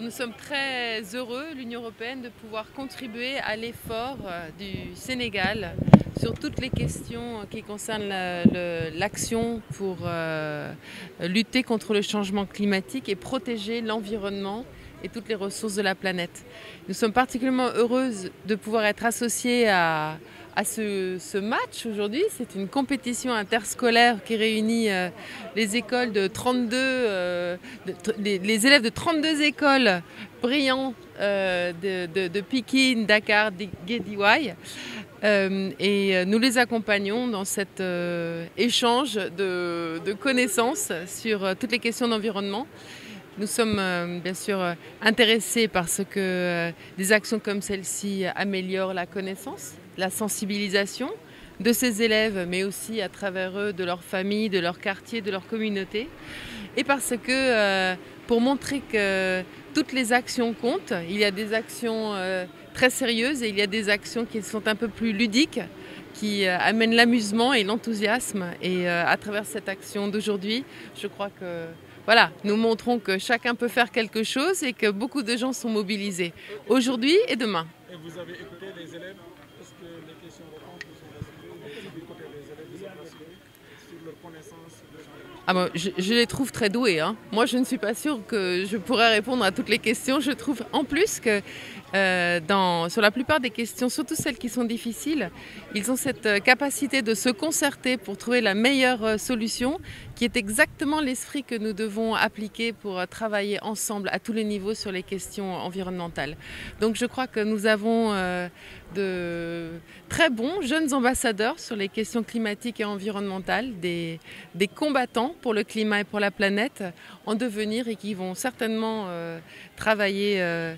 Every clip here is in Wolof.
nous sommes très heureux, l'Union européenne, de pouvoir contribuer à l'effort euh, du Sénégal sur toutes les questions qui concernent euh, l'action pour euh, lutter contre le changement climatique et protéger l'environnement et toutes les ressources de la planète. Nous sommes particulièrement heureuses de pouvoir être associés à, à ce, match aujourd'hui. C'est une compétition interscolaire qui réunit euh, les écoles de 32, euh, les, élèves de 32 écoles brillantes euh, de, de, Pékin, Dakar, Euh, et nous les accompagnons dans cet échange de, connaissances sur toutes les questions d'environnement. Nous sommes bien sûr intéressés parce que des actions comme celle-ci améliorent la connaissance, la sensibilisation de ces élèves, mais aussi à travers eux, de leur famille, de leur quartier, de leur communauté. Et parce que euh, pour montrer que toutes les actions comptent, il y a des actions euh, très sérieuses et il y a des actions qui sont un peu plus ludiques, qui euh, amènent l'amusement et l'enthousiasme. Et à travers cette action d'aujourd'hui, je crois que voilà, nous montrons que chacun peut faire quelque chose et que beaucoup de gens sont mobilisés aujourd'hui et demain. Et vous avez écouté les élèves ah je, les trouve très doués. Hein. Moi, je ne suis pas sûre que je pourrais répondre à toutes les questions. Je trouve en plus que euh, sur la plupart des questions, surtout celles qui sont difficiles, ils ont cette euh, capacité de se concerter pour trouver la meilleure euh, solution, qui est exactement l'esprit que nous devons appliquer pour travailler ensemble à tous les niveaux sur les questions environnementales. Donc je crois que nous avons de très bons jeunes ambassadeurs sur les questions climatiques et environnementales, des, combattants pour le climat et pour la planète en devenir et qui vont certainement travailler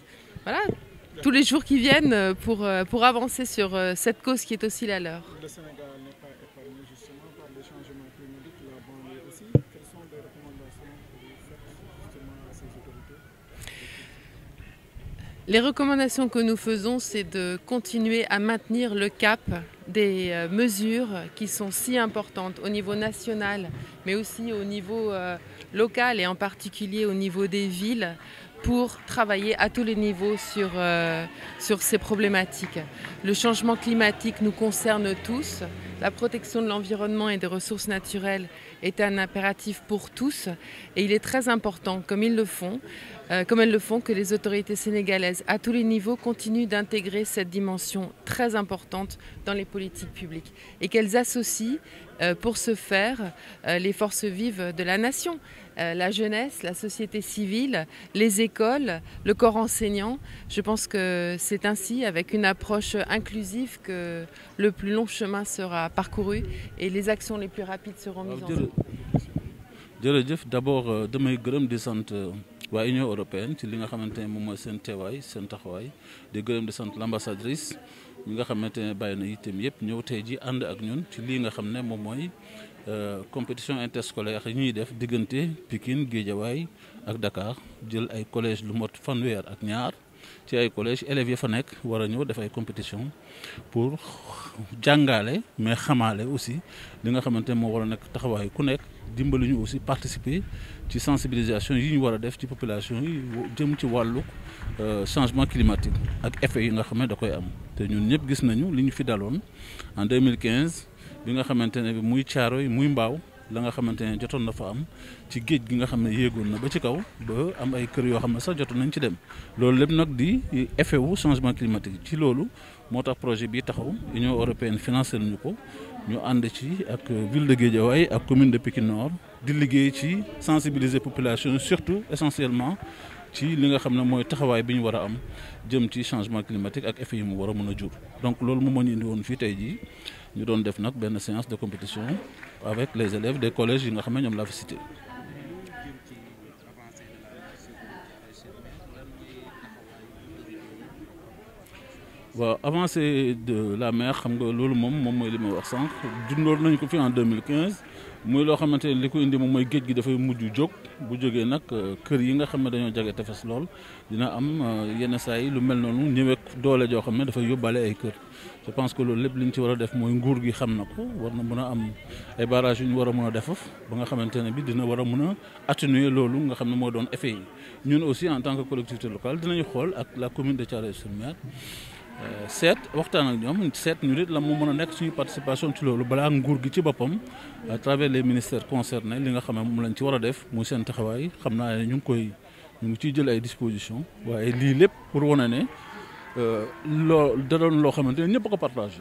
tous les jours qui viennent euh, pour, euh, pour avancer sur euh, cette cause qui est aussi la leur. Le Sénégal n'est pas épargné justement par les la aussi. Quelles sont les recommandations que vous faites justement à ces autorités Les recommandations que nous faisons, c'est de continuer à maintenir le cap des mesures qui sont si importantes au niveau national, mais aussi au niveau local et en particulier au niveau des villes pour travailler à tous les niveaux euh, sur, ces problématiques. Le changement climatique nous concerne tous. La protection de l'environnement et des ressources naturelles est un impératif pour tous et il est très important, comme ils le font, euh, comme elles le font, que les autorités sénégalaises à tous les niveaux continuent d'intégrer cette dimension très importante dans les politiques publiques et qu'elles associent euh, pour ce faire les forces vives de la nation. Euh, la jeunesse, la société civile, les écoles, le corps enseignant. Je pense que c'est ainsi, avec une approche inclusive, que le plus long chemin sera parcouru et les actions les plus rapides seront mises en œuvre. d'abord euh, euh, européenne l'ambassadrice mi nga xamante ne bàyyi na yitteem yëpp ñëw tey ji ànd ak ñun ci lii nga xam ne moom mooy euh, compétition interscolaire yi ñuy def diggante Pikine Guédiawaye ak Dakar jël ay collège lu mot fanweer ak ñaar ci ay collège élèves yi fa nekk war a def ay compétition pour jangalé mais xamalé aussi li nga xamante mo wara war taxaway ku nekk dimbali ñu aussi participer ci sensibilisation yi ñu wara def ci population yi jëm ci wàllu euh, changement climatique ak effet yi nga xamé da koy am té ñun ñëpp gis nañu li ñu fi daloon en 2015 bi nga xamante ne muy caaro muy mbaaw la nga xamante na fa am ci géej gi nga xamne ne na ba ci kaw ba am ay kër yo xam sax jotoon nañ ci dem loolu lepp nak di effet wu changement climatique ci loolu motax projet bi taxaw Union européenne financer nañu ko ñu and ci ak ville de Guédiawaye ak commune de Pikine Nord di liggéey ci sensibiliser population surtout essentiellement ci li nga xam ne mooy taxawaay bi ñu war a am jëm ci changement climatique ak effet yi mu war a mën a jur donc loolu moom moo ñu indi woon fii tey jii nous doon def une séance de compétition avec les élèves des collèges yi nga ont visités. ñoom de la mer xam nga moment mom mom moy li nous wax sank jundor en 2015 muy loo xamante ne li ko indi moom mooy géej gi dafay mujj jóg bu jógee nag euh, kër yi nga xam ne dañoo jege tefes lool dina am euh, yenn saa yi lu mel noonu ñëwek doole joo xam ne dafay yóbbaale ay kër je pense que loolu lépp li ñu ci war a def mooy nguur gi xam na ko war na mën a am ay barrage yu ñu war a mën a def ba nga xamante ne bi dina war a mën a atténuer loolu nga xam ne moo doon effet yi ñun aussi en tant que collectivité locale dinañu xool ak la commune de Thiaroye sur Euh, seet waxtaan ak ñoom seet ñu nit la mu mën a nekk suñu participation ci loolu balaa nguur gi ci boppam à travers les ministères concernés li nga xam ne moom lañ ci war a def muy seen taxawaay xam naa ne ñu ngi koy ñu ngi ciy jël ay dispositions waaye lii lépp pour wane ne euh, loo da doon loo xamante ne ñëpp ko partagé.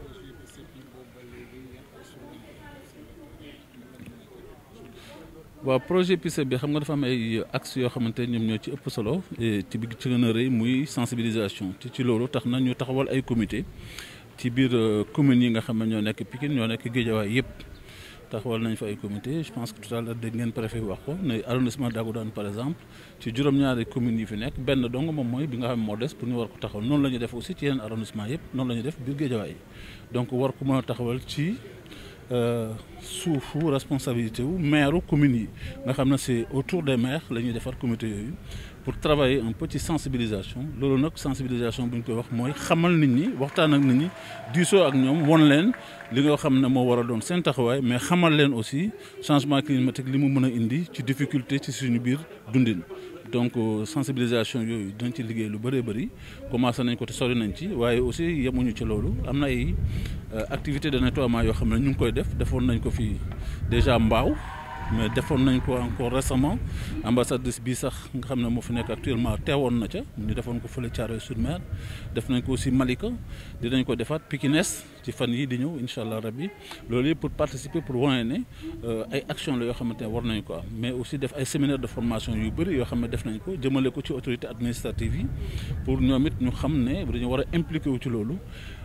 wa projet PICES bi xam nga dafa am ay axes yoo xamante ñoom ñoo ci ëpp solo ci bi ci gën a rëy muy sensibilisation te ci loolu tax na ñu taxawal ay comité ci biir euh, commune yi nga xam ne ñoo nekk Pikine ñoo nekk Guédiawaay yëpp taxawal nañ fa ay comité je pense que tout à l'heure dégg ngeen préfet wax ko ne arrondissement Dagoudane par exemple ci juróom-ñaari commune yi fi nekk benn dong moom mooy bi nga xam ne moo des pour ñu war ko taxawal noonu la ñu def aussi ci yeneen arrondissement yëpp noonu la ñu def biir Guédiawaay donc war ko mën a taxawal ci euh, suufu responsabilité wu maire commune yi nga xam ne c'est autour des maires la ñuy defar comité yooyu pour travailler un peu sensibilisation loolu nag sensibilisation bu ñu koy wax mooy xamal nit ñi waxtaan ak nit ñi diisoo ak ñoom won leen li nga xam ne moo war a doon seen taxawaay mais xamal leen aussi changement climatique li mu indi ci difficulté ci suñu biir dundin donc euh, sensibilisation yooyu dañ ci liggéey lu bëree bëri commencé nañ ko te sori nañ ci waye aussi yamuñu ci lolu amna ay euh, activité de nettoyage yo xamna ñu koy def defoon nañ ko fi déjà mbaaw mais defoon nañ ko encore récemment ambassadrice bi sax nga xam ne moo fi nekk actuellement teewoon na ca défendons defoon ko fële Thiaroye-sur-Mer def nañ ko aussi Malika défendre ko defaat Pikiness, ci fan yi di ñëw incha allah rabbi loolu pour participer pour wane ne euh, ay action le yoo xamante ne war nañ ko mais aussi def ay séminaire de formation yu bëri yoo xam ne def nañ ko jëmale ko ci autorité administrative yi pour nous amener ñu xam ne dañu war a impliqué wu ci loolu